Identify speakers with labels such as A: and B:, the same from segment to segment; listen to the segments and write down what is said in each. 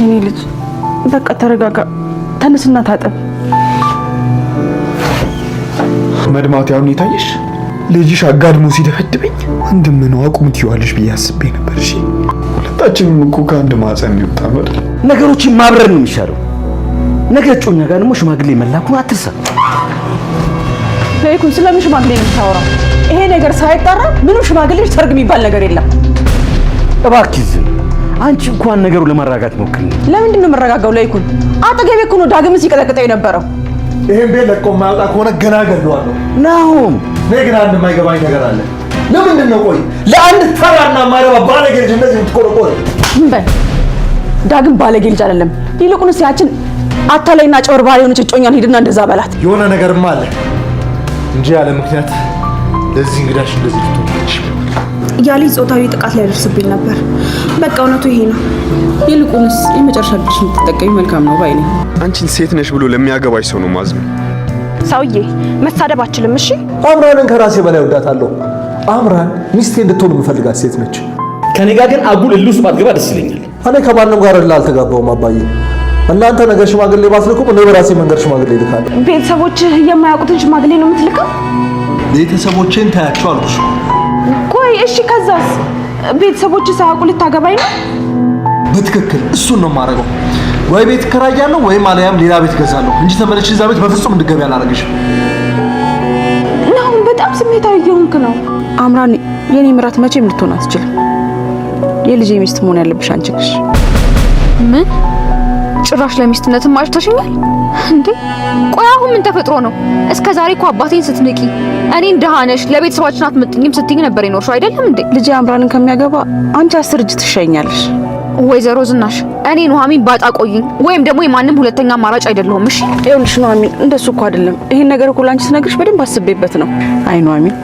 A: የኔ ልጅ በቃ ተረጋጋ፣ ተነስና ታጠብ።
B: መድማት ያሁን የታየሽ ልጅሽ አጋድሞ ሲደፈድበኝ ወንድምን አቁም ትይዋለሽ ብዬ አስቤ ነበር። እሺ ሁለታችንም እኮ ከአንድ ማህፀን የሚወጣ ነው።
C: ነገሮችን ማብረር ነው የሚሻለው። ነገ እጮኛ ጋር ደግሞ ሽማግሌ መላኩን አትርሳ።
A: ለይኩን ስለምን ሽማግሌ ነው የምታወራው? ይሄ ነገር ሳይጣራ ምንም ሽማግሌ ሰርግ የሚባል ነገር የለም።
C: እባክህ ዝም አንቺ እንኳን ነገሩ ለመረጋጋት ሞክሪ።
A: ለምንድን ነው መረጋጋው? ላይ ኩን አጠገቤ ኩን ዳግም ሲቀጠቅጠው የነበረው
B: ይሄን ቤት ለቆ ማውጣት ከሆነ ገና ገድለዋለሁ። ናሁም እኔ ግን አንድ የማይገባኝ ነገር አለ። ለምንድን ነው ቆይ ለአንድ ተራና ማረባ ባለጌ ልጅ እንደዚህ የምትቆረቆር?
A: ምን በል ዳግም ባለጌ ልጅ አይደለም። ይልቁንስ ያችን አታላይና ጨወርባሪ የሆነች እጮኛን ሂድና እንደዛ በላት።
B: የሆነ ነገርማ አለ እንጂ ያለ ምክንያት ለዚህ እንግዳሽ እንደዚህ ልትሆናለች
A: ያ ልጅ ጾታዊ ጥቃት ሊያደርስብኝ ነበር። በቃ እውነቱ ይሄ ነው። ይልቁንስ የመጨረሻ ድርሽ የምትጠቀሚ መልካም ነው ባይ ነኝ።
B: አንቺን ሴት ነሽ ብሎ ለሚያገባሽ ሰው ነው ማዝም።
A: ሰውዬ መሳደብ አችልም። እሺ
B: አምራንን ከራሴ በላይ ወዳታለሁ። አምራን ሚስቴ እንድትሆን የምፈልጋት ሴት ነች።
C: ከኔ ጋር ግን አጉል እልህ ውስጥ ባትገባ ደስ ይለኛል።
B: እኔ ከማንም ጋር እልህ አልተጋባውም አባዬ። እናንተ ነገር ሽማግሌ ባትልኩም እኔ በራሴ መንገድ ሽማግሌ ይልካል።
A: ቤተሰቦችህ የማያውቁትን ሽማግሌ ነው የምትልከው?
B: ቤተሰቦቼን ታያቸው አልኩሽ።
A: ቆይ እሺ፣ ከዛስ? ቤተሰቦች ሳያውቁ ልታገባኝ ነው?
B: በትክክል እሱን ነው የማደርገው። ወይ ቤት እከራያለሁ ወይም አልያም ሌላ ቤት እገዛለሁ እንጂ ተመለስሽ እዛ ቤት በፍጹም እንድትገቢ አላደርግሽም።
A: ናሁን፣ በጣም ስሜታዊ እየሆንክ ነው። አምራን፣ የኔ ምራት መቼም ልትሆን አትችልም። የልጄ ሚስት መሆን ያለብሽ አንቺ ነሽ።
D: ምን ጭራሽ ለሚስትነትም አጭተሽኛል እንዴ? ቆይ አሁን ምን ተፈጥሮ ነው? እስከ ዛሬ እኮ አባቴን ስትንቂ እኔን ደሃ ነሽ ለቤተሰባችን አትመጥኝም ስትኝ ነበር የኖርሽው አይደለም እንዴ?
A: ልጄ አምራንን ከሚያገባ አንቺ አስር እጅ ትሸኛለሽ።
D: ወይዘሮ ዝናሽ እኔ ኑሐሚን ባጣ ቆይኝ ወይም ደግሞ የማንም ሁለተኛ አማራጭ አይደለሁም። እሺ
A: ይኸውልሽ ኑሐሚን፣ እንደሱ እኮ አይደለም። ይሄን ነገር እኮ ላንቺ ስነግርሽ በደንብ አስቤበት ነው። አይ ኑሐሚን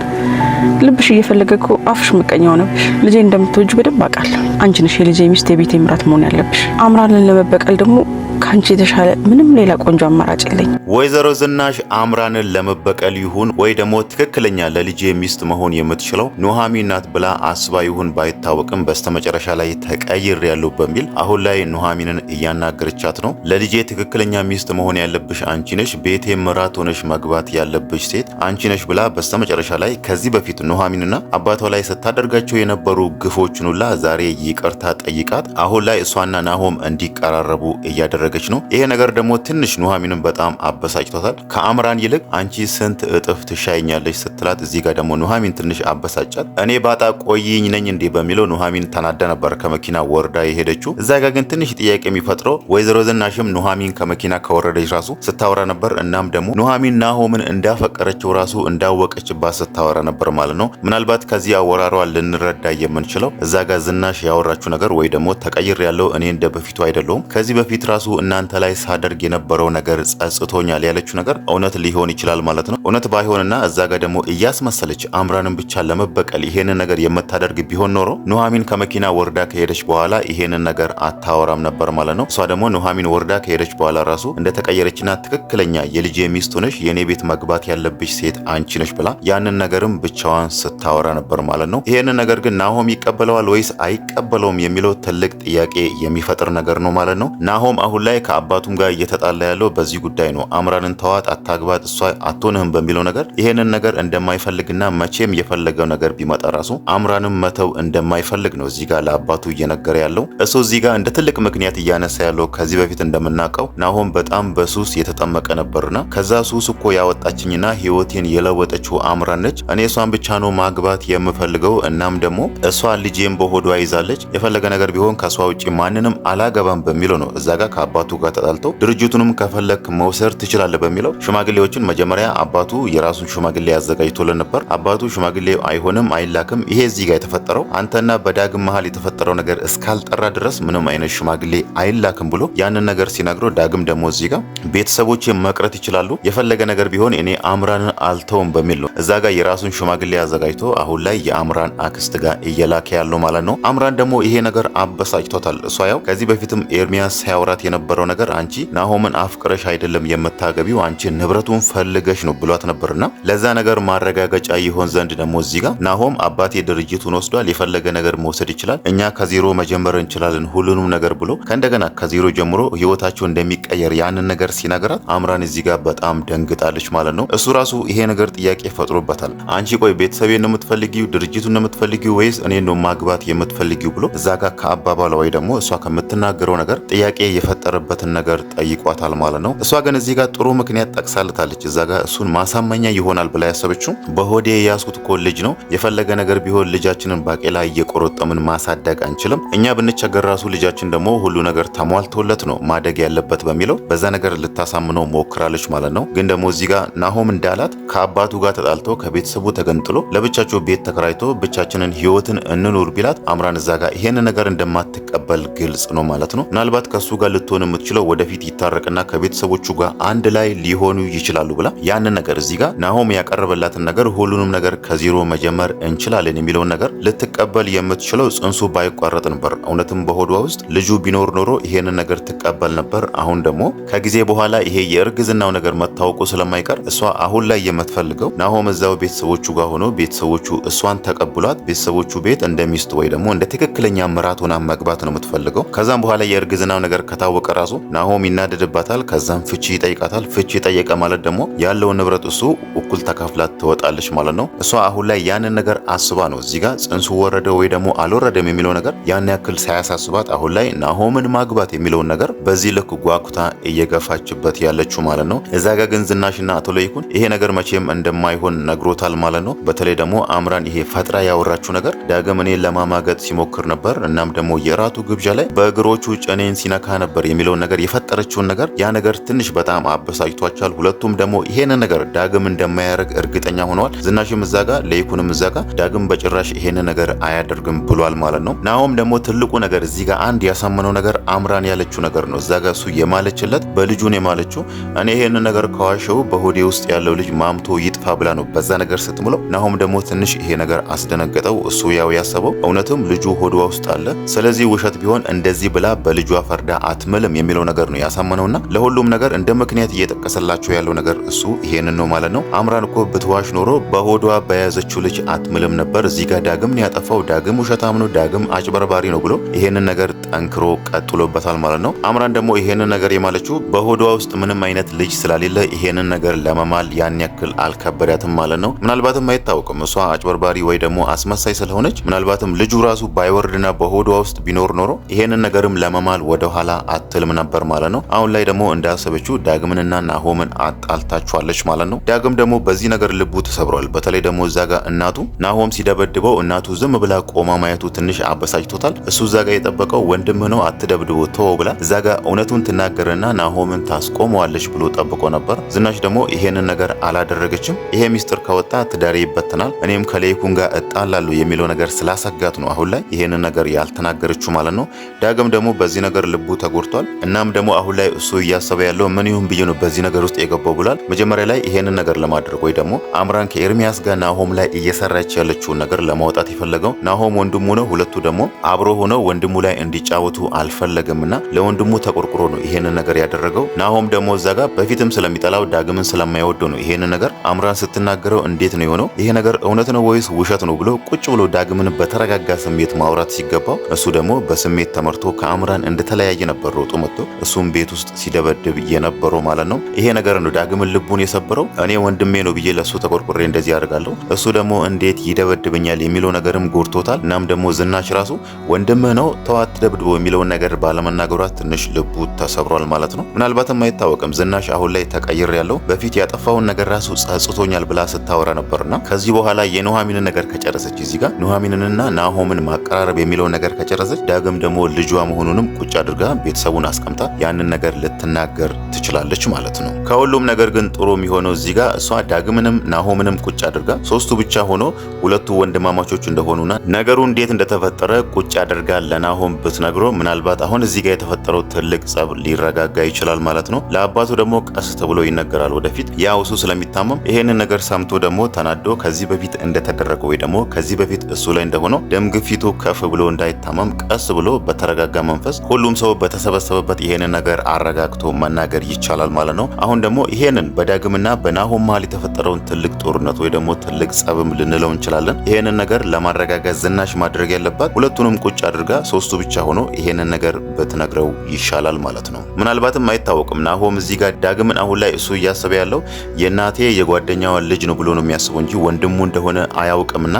A: ልብሽ እየፈለገ እኮ አፍሽ ምቀኛ ሆነብሽ። ልጄ እንደምትወጁ በደንብ አውቃለሁ። አንቺ ነሽ የልጄ ሚስት የቤቴ ምራት መሆን ያለብሽ። አምራንን ለመበቀል ደግሞ ከአንቺ የተሻለ ምንም ሌላ ቆንጆ አማራጭ የለኝ።
E: ወይዘሮ ዝናሽ አምራንን ለመበቀል ይሁን ወይ ደግሞ ትክክለኛ ለልጄ ሚስት መሆን የምትችለው ኑሃሚ ናት ብላ አስባ ይሁን ባይታወቅም በስተመጨረሻ ላይ ተቀይር ያለው በሚል አሁን ላይ ኑሃሚንን እያናገረቻት ነው። ለልጄ ትክክለኛ ሚስት መሆን ያለብሽ አንቺ ነሽ፣ ቤቴ ምራት ሆነሽ መግባት ያለብሽ ሴት አንቺ ነሽ ብላ በስተመጨረሻ ላይ ከዚህ በፊት ኑሃሚንና አባቷ ላይ ስታደርጋቸው የነበሩ ግፎችን ሁላ ዛሬ ይቅርታ ጠይቃት አሁን ላይ እሷና ናሆም እንዲቀራረቡ እያደረገ እያደረገች ነው። ይሄ ነገር ደግሞ ትንሽ ኑሐሚንን በጣም አበሳጭቷታል። ከአምራን ይልቅ አንቺ ስንት እጥፍ ትሻይኛለች ስትላት፣ እዚህ ጋር ደግሞ ኑሐሚን ትንሽ አበሳጫት። እኔ ባጣ ቆይኝ ነኝ እንዴ በሚለው ኑሐሚን ተናዳ ነበር ከመኪና ወርዳ የሄደችው። እዛ ጋር ግን ትንሽ ጥያቄ የሚፈጥረው ወይዘሮ ዝናሽም ኑሐሚን ከመኪና ከወረደች ራሱ ስታወራ ነበር። እናም ደግሞ ኑሐሚን ናሆምን እንዳፈቀረችው ራሱ እንዳወቀችባት ስታወራ ነበር ማለት ነው። ምናልባት ከዚህ አወራሯ ልንረዳ የምንችለው እዛ ጋር ዝናሽ ያወራችው ነገር ወይ ደግሞ ተቀይር ያለው እኔ እንደ በፊቱ አይደለሁም ከዚህ በፊት ራሱ እናንተ ላይ ሳደርግ የነበረው ነገር ጸጽቶኛል ያለችው ነገር እውነት ሊሆን ይችላል ማለት ነው። እውነት ባይሆንና እዛ ጋር ደግሞ እያስመሰለች አምራንን ብቻ ለመበቀል ይሄንን ነገር የምታደርግ ቢሆን ኖሮ ኑሐሚን ከመኪና ወርዳ ከሄደች በኋላ ይሄንን ነገር አታወራም ነበር ማለት ነው። እሷ ደግሞ ኑሐሚን ወርዳ ከሄደች በኋላ ራሱ እንደተቀየረችና ትክክለኛ የልጅ ሚስት ሆነሽ የእኔ ቤት መግባት ያለብሽ ሴት አንቺ ነሽ ብላ ያንን ነገርም ብቻዋን ስታወራ ነበር ማለት ነው። ይሄንን ነገር ግን ናሆም ይቀበለዋል ወይስ አይቀበለውም የሚለው ትልቅ ጥያቄ የሚፈጥር ነገር ነው ማለት ነው። ናሆም አሁን ላይ ከአባቱም ጋር እየተጣላ ያለው በዚህ ጉዳይ ነው። አምራንን ተዋት፣ አታግባት፣ እሷ አትሆንህም በሚለው ነገር ይሄንን ነገር እንደማይፈልግና መቼም የፈለገው ነገር ቢመጣ ራሱ አምራንም መተው እንደማይፈልግ ነው እዚህ ጋር ለአባቱ እየነገረ ያለው። እሱ እዚህ ጋር እንደ ትልቅ ምክንያት እያነሳ ያለው ከዚህ በፊት እንደምናውቀው ናሆም በጣም በሱስ የተጠመቀ ነበርና ከዛ ሱስ እኮ ያወጣችኝና ህይወቴን የለወጠችው አምራን ነች። እኔ እሷን ብቻ ነው ማግባት የምፈልገው። እናም ደግሞ እሷ ልጄም በሆዷ ይዛለች፣ የፈለገ ነገር ቢሆን ከእሷ ውጭ ማንንም አላገባም በሚለው ነው እዛ ጋር አባቱ ጋር ተጣልተው ድርጅቱንም ከፈለክ መውሰድ ትችላለህ በሚለው ሽማግሌዎችን መጀመሪያ አባቱ የራሱን ሽማግሌ ያዘጋጅቶልን ነበር። አባቱ ሽማግሌ አይሆንም፣ አይላክም፣ ይሄ እዚህ ጋር የተፈጠረው አንተና በዳግም መሀል የተፈጠረው ነገር እስካልጠራ ድረስ ምንም አይነት ሽማግሌ አይላክም ብሎ ያንን ነገር ሲነግረው ዳግም ደግሞ እዚህ ጋር ቤተሰቦች መቅረት ይችላሉ፣ የፈለገ ነገር ቢሆን እኔ አምራንን አልተውም በሚል ነው እዛ ጋር የራሱን ሽማግሌ አዘጋጅቶ አሁን ላይ የአምራን አክስት ጋር እየላከ ያለው ማለት ነው። አምራን ደግሞ ይሄ ነገር አበሳጭቶታል። እሷ ያው ከዚህ በፊትም ኤርሚያስ ሲያወራት የነበ የነበረው ነገር አንቺ ናሆምን አፍቅረሽ አይደለም የምታገቢው አንቺ ንብረቱን ፈልገሽ ነው ብሏት ነበርና ለዛ ነገር ማረጋገጫ ይሆን ዘንድ ደግሞ እዚህ ጋር ናሆም አባቴ ድርጅቱን ወስዷል፣ የፈለገ ነገር መውሰድ ይችላል፣ እኛ ከዜሮ መጀመር እንችላለን ሁሉንም ነገር ብሎ ከእንደገና ከዜሮ ጀምሮ ህይወታቸው እንደሚቀየር ያንን ነገር ሲነገራት አምራን እዚህ ጋር በጣም ደንግጣለች ማለት ነው። እሱ ራሱ ይሄ ነገር ጥያቄ ፈጥሮበታል። አንቺ ቆይ ቤተሰቤን ነው የምትፈልጊው ድርጅቱን ነው የምትፈልጊው ወይስ እኔ ነው ማግባት የምትፈልጊው ብሎ እዛ ጋር ከአባባሏ ወይ ደግሞ እሷ ከምትናገረው ነገር ጥያቄ የፈጠረ የሚፈጠርበትን ነገር ጠይቋታል ማለት ነው። እሷ ግን እዚህ ጋር ጥሩ ምክንያት ጠቅሳልታለች። እዛ ጋር እሱን ማሳመኛ ይሆናል ብላ ያሰበችው በሆዴ የያዝኩት እኮ ልጅ ነው። የፈለገ ነገር ቢሆን ልጃችንን ባቄላ እየቆረጠምን ማሳደግ አንችልም። እኛ ብንቸገር ራሱ ልጃችን ደግሞ ሁሉ ነገር ተሟልቶለት ነው ማደግ ያለበት በሚለው በዛ ነገር ልታሳምነው ሞክራለች ማለት ነው። ግን ደግሞ እዚህ ጋር ናሆም እንዳላት ከአባቱ ጋር ተጣልቶ ከቤተሰቡ ተገንጥሎ ለብቻቸው ቤት ተከራይቶ ብቻችንን ህይወትን እንኑር ቢላት አምራን እዛ ጋር ይሄን ነገር እንደማትቀበል ግልጽ ነው ማለት ነው። ምናልባት ከሱ ጋር ልትሆን የምትችለው ወደፊት ይታረቅና ከቤተሰቦቹ ጋር አንድ ላይ ሊሆኑ ይችላሉ ብላ ያንን ነገር እዚህ ጋር ናሆም ያቀረበላትን ነገር ሁሉንም ነገር ከዜሮ መጀመር እንችላለን የሚለውን ነገር ልትቀበል የምትችለው ጽንሱ ባይቋረጥ ነበር። እውነትም በሆዷ ውስጥ ልጁ ቢኖር ኖሮ ይሄንን ነገር ትቀበል ነበር። አሁን ደግሞ ከጊዜ በኋላ ይሄ የእርግዝናው ነገር መታወቁ ስለማይቀር እሷ አሁን ላይ የምትፈልገው ናሆም እዛው ቤተሰቦቹ ጋር ሆኖ ቤተሰቦቹ እሷን ተቀብሏት ቤተሰቦቹ ቤት እንደሚስት ወይ ደግሞ እንደ ትክክለኛ ምራት ሆና መግባት ነው የምትፈልገው። ከዛም በኋላ የእርግዝናው ነገር ከታወቀ ካወቀ ራሱ ናሆም ይናደድባታል። ከዛም ፍቺ ይጠይቃታል። ፍቺ ጠየቀ ማለት ደግሞ ያለውን ንብረት እሱ እኩል ተካፍላት ትወጣለች ማለት ነው። እሷ አሁን ላይ ያንን ነገር አስባ ነው እዚህ ጋር ጽንሱ ወረደ ወይ ደግሞ አልወረደም የሚለው ነገር ያን ያክል ሳያሳስባት አሁን ላይ ናሆምን ማግባት የሚለውን ነገር በዚህ ልክ ጓጉታ እየገፋችበት ያለችው ማለት ነው። እዛ ጋ ግን ዝናሽና አቶ ለይኩን ይሄ ነገር መቼም እንደማይሆን ነግሮታል ማለት ነው። በተለይ ደግሞ አምራን ይሄ ፈጥራ ያወራችው ነገር ዳግም እኔ ለማማገጥ ሲሞክር ነበር። እናም ደግሞ የራቱ ግብዣ ላይ በእግሮቹ ጭኔን ሲነካ ነበር የሚለውን ነገር የፈጠረችውን ነገር ያ ነገር ትንሽ በጣም አበሳጭቷቸዋል። ሁለቱም ደግሞ ይሄንን ነገር ዳግም እንደማያደርግ እርግጠኛ ሆነዋል። ዝናሽም እዛ ጋ ለይኩንም እዛ ጋ ዳግም በጭራሽ ይሄንን ነገር አያደርግም ብሏል ማለት ነው። ናሆም ደግሞ ትልቁ ነገር እዚህ ጋር አንድ ያሳመነው ነገር አምራን ያለችው ነገር ነው። እዛ ጋ እሱ የማለችለት በልጁን የማለችው እኔ ይሄንን ነገር ከዋሸው በሆዴ ውስጥ ያለው ልጅ ማምቶ ይጥፋ ብላ ነው በዛ ነገር ስትምለው። ናሆም ደግሞ ትንሽ ይሄ ነገር አስደነገጠው። እሱ ያው ያሰበው እውነትም ልጁ ሆዷ ውስጥ አለ። ስለዚህ ውሸት ቢሆን እንደዚህ ብላ በልጇ ፈርዳ አትምል አይደለም የሚለው ነገር ነው ያሳመነውና ለሁሉም ነገር እንደ ምክንያት እየጠቀሰላቸው ያለው ነገር እሱ ይሄንን ነው ማለት ነው። አምራን እኮ ብትዋሽ ኖሮ በሆዷ በያዘችው ልጅ አትምልም ነበር። እዚህ ጋር ዳግም ነው ያጠፋው፣ ዳግም ውሸታም ነው፣ ዳግም አጭበርባሪ ነው ብሎ ይሄንን ነገር ጠንክሮ ቀጥሎበታል ማለት ነው። አምራን ደግሞ ይሄንን ነገር የማለችው በሆዷ ውስጥ ምንም አይነት ልጅ ስለሌለ ይሄንን ነገር ለመማል ያን ያክል አልከበዳትም ማለት ነው። ምናልባትም አይታወቅም እሷ አጭበርባሪ ወይ ደግሞ አስመሳይ ስለሆነች ምናልባትም ልጁ ራሱ ባይወርድና በሆዷ ውስጥ ቢኖር ኖሮ ይሄንን ነገርም ለመማል ወደኋላ አት ስትልም ነበር ማለት ነው። አሁን ላይ ደግሞ እንዳሰበችው ዳግምንና ናሆምን አጣልታችኋለች ማለት ነው። ዳግም ደግሞ በዚህ ነገር ልቡ ተሰብሯል። በተለይ ደግሞ እዛ ጋር እናቱ ናሆም ሲደበድበው እናቱ ዝም ብላ ቆማ ማየቱ ትንሽ አበሳጭቶታል። እሱ እዛ ጋር የጠበቀው ወንድምህ ነው አትደብድቦ ተወ ብላ እዛ ጋር እውነቱን ትናገርና ናሆምን ታስቆመዋለች ብሎ ጠብቆ ነበር። ዝናሽ ደግሞ ይሄንን ነገር አላደረገችም። ይሄ ሚስጥር ከወጣ ትዳሬ ይበትናል፣ እኔም ከሌይኩን ጋር እጣላለሁ የሚለው ነገር ስላሰጋት ነው አሁን ላይ ይሄንን ነገር ያልተናገረችው ማለት ነው። ዳግም ደግሞ በዚህ ነገር ልቡ ተጎድቷል። ብሏል። እናም ደግሞ አሁን ላይ እሱ እያሰበ ያለው ምን ይሁን ብዬ ነው በዚህ ነገር ውስጥ የገባው ብሏል። መጀመሪያ ላይ ይሄንን ነገር ለማድረግ ወይ ደግሞ አምራን ከኤርሚያስ ጋር ናሆም ላይ እየሰራች ያለችውን ነገር ለማውጣት የፈለገው ናሆም ወንድሙ ነው። ሁለቱ ደግሞ አብሮ ሆነው ወንድሙ ላይ እንዲጫወቱ አልፈለገምና ለወንድሙ ተቆርቁሮ ነው ይሄንን ነገር ያደረገው። ናሆም ደግሞ እዛ ጋር በፊትም ስለሚጠላው ዳግምን ስለማይወደው ነው ይሄንን ነገር አምራን ስትናገረው እንዴት ነው የሆነው ይሄ ነገር እውነት ነው ወይስ ውሸት ነው ብሎ ቁጭ ብሎ ዳግምን በተረጋጋ ስሜት ማውራት ሲገባው እሱ ደግሞ በስሜት ተመርቶ ከአምራን እንደተለያየ ነበር ሮጦ መጥቶ እሱም ቤት ውስጥ ሲደበድብ የነበረው ማለት ነው። ይሄ ነገር ነው ዳግምን ልቡን የሰበረው። እኔ ወንድሜ ነው ብዬ ለእሱ ተቆርቆሬ እንደዚህ ያደርጋለሁ፣ እሱ ደግሞ እንዴት ይደበድብኛል የሚለው ነገርም ጎድቶታል። እናም ደግሞ ዝናሽ ራሱ ወንድምህ ነው ተዋት ደብድቦ የሚለውን ነገር ባለመናገሯ ትንሽ ልቡ ተሰብሯል ማለት ነው። ምናልባትም አይታወቅም ዝናሽ አሁን ላይ ተቀይር ያለው በፊት ያጠፋውን ነገር ራሱ ጸጽቶኛል ብላ ስታወራ ነበርና ከዚህ በኋላ የኑሐሚንን ነገር ከጨረሰች እዚህ ጋር ኑሐሚንንና ናሆምን ማቀራረብ የሚለውን ነገር ከጨረሰች ዳግም ደግሞ ልጇ መሆኑንም ቁጭ አድርጋ ቤተሰቡን ራሷን አስቀምጣ ያንን ነገር ልትናገር ትችላለች ማለት ነው። ከሁሉም ነገር ግን ጥሩ የሚሆነው እዚህ ጋር እሷ ዳግምንም ናሆምንም ቁጭ አድርጋ ሶስቱ ብቻ ሆኖ ሁለቱ ወንድማማቾች እንደሆኑና ነገሩ እንዴት እንደተፈጠረ ቁጭ አድርጋ ለናሆም ብትነግሮ ምናልባት አሁን እዚህ ጋር የተፈጠረው ትልቅ ጸብ ሊረጋጋ ይችላል ማለት ነው። ለአባቱ ደግሞ ቀስ ተብሎ ይነገራል ወደፊት ያው እሱ ስለሚታመም ይሄንን ነገር ሰምቶ ደግሞ ተናዶ ከዚህ በፊት እንደተደረገ ወይ ደግሞ ከዚህ በፊት እሱ ላይ እንደሆነው ደም ግፊቱ ከፍ ብሎ እንዳይታመም ቀስ ብሎ በተረጋጋ መንፈስ ሁሉም ሰው በተሰበሰበ ስለሚታሰብበት ይሄንን ነገር አረጋግቶ መናገር ይቻላል ማለት ነው። አሁን ደግሞ ይሄንን በዳግምና በናሆም መሀል የተፈጠረውን ትልቅ ጦርነት ወይ ደግሞ ትልቅ ጸብም ልንለው እንችላለን። ይሄንን ነገር ለማረጋጋት ዝናሽ ማድረግ ያለባት ሁለቱንም ቁጭ አድርጋ ሶስቱ ብቻ ሆኖ ይሄንን ነገር ብትነግረው ይሻላል ማለት ነው። ምናልባትም አይታወቅም። ናሆም እዚህ ጋር ዳግምን አሁን ላይ እሱ እያሰበ ያለው የእናቴ የጓደኛዋን ልጅ ነው ብሎ ነው የሚያስበው እንጂ ወንድሙ እንደሆነ አያውቅምና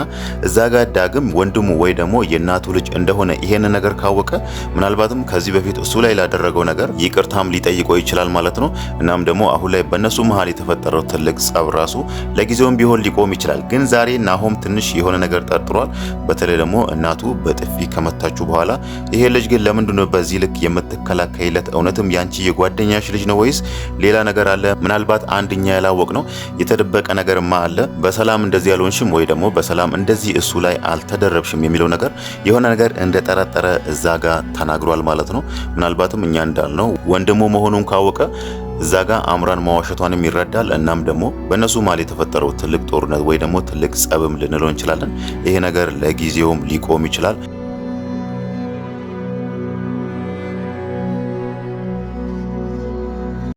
E: እዛ ጋር ዳግም ወንድሙ ወይ ደግሞ የእናቱ ልጅ እንደሆነ ይሄንን ነገር ካወቀ ምናልባትም ከዚህ በፊት እሱ ላይ ላደረገው ነገር ይቅርታም ሊጠይቀው ይችላል ማለት ነው። እናም ደግሞ አሁን ላይ በእነሱ መሀል የተፈጠረው ትልቅ ጸብ ራሱ ለጊዜውም ቢሆን ሊቆም ይችላል። ግን ዛሬ ናሆም ትንሽ የሆነ ነገር ጠርጥሯል። በተለይ ደግሞ እናቱ በጥፊ ከመታችሁ በኋላ ይሄ ልጅ ግን ለምንድን ነው በዚህ ልክ የምትከላከይለት? እውነትም ያንቺ የጓደኛሽ ልጅ ነው ወይስ ሌላ ነገር አለ? ምናልባት አንድኛ ያላወቅ ነው የተደበቀ ነገርማ አለ። በሰላም እንደዚህ ያልሆንሽም ወይ ደግሞ በሰላም እንደዚህ እሱ ላይ አልተደረብሽም የሚለው ነገር የሆነ ነገር እንደጠረጠረ እዛ ጋር ተናግሯል ማለት ነው ምናልባት ምናልባትም እኛ እንዳልነው ወንድሙ መሆኑን ካወቀ እዛ ጋር አምራን ማዋሸቷንም ይረዳል። እናም ደግሞ በእነሱ መሀል የተፈጠረው ትልቅ ጦርነት ወይ ደግሞ ትልቅ ጸብም ልንለው እንችላለን። ይሄ ነገር ለጊዜውም ሊቆም ይችላል።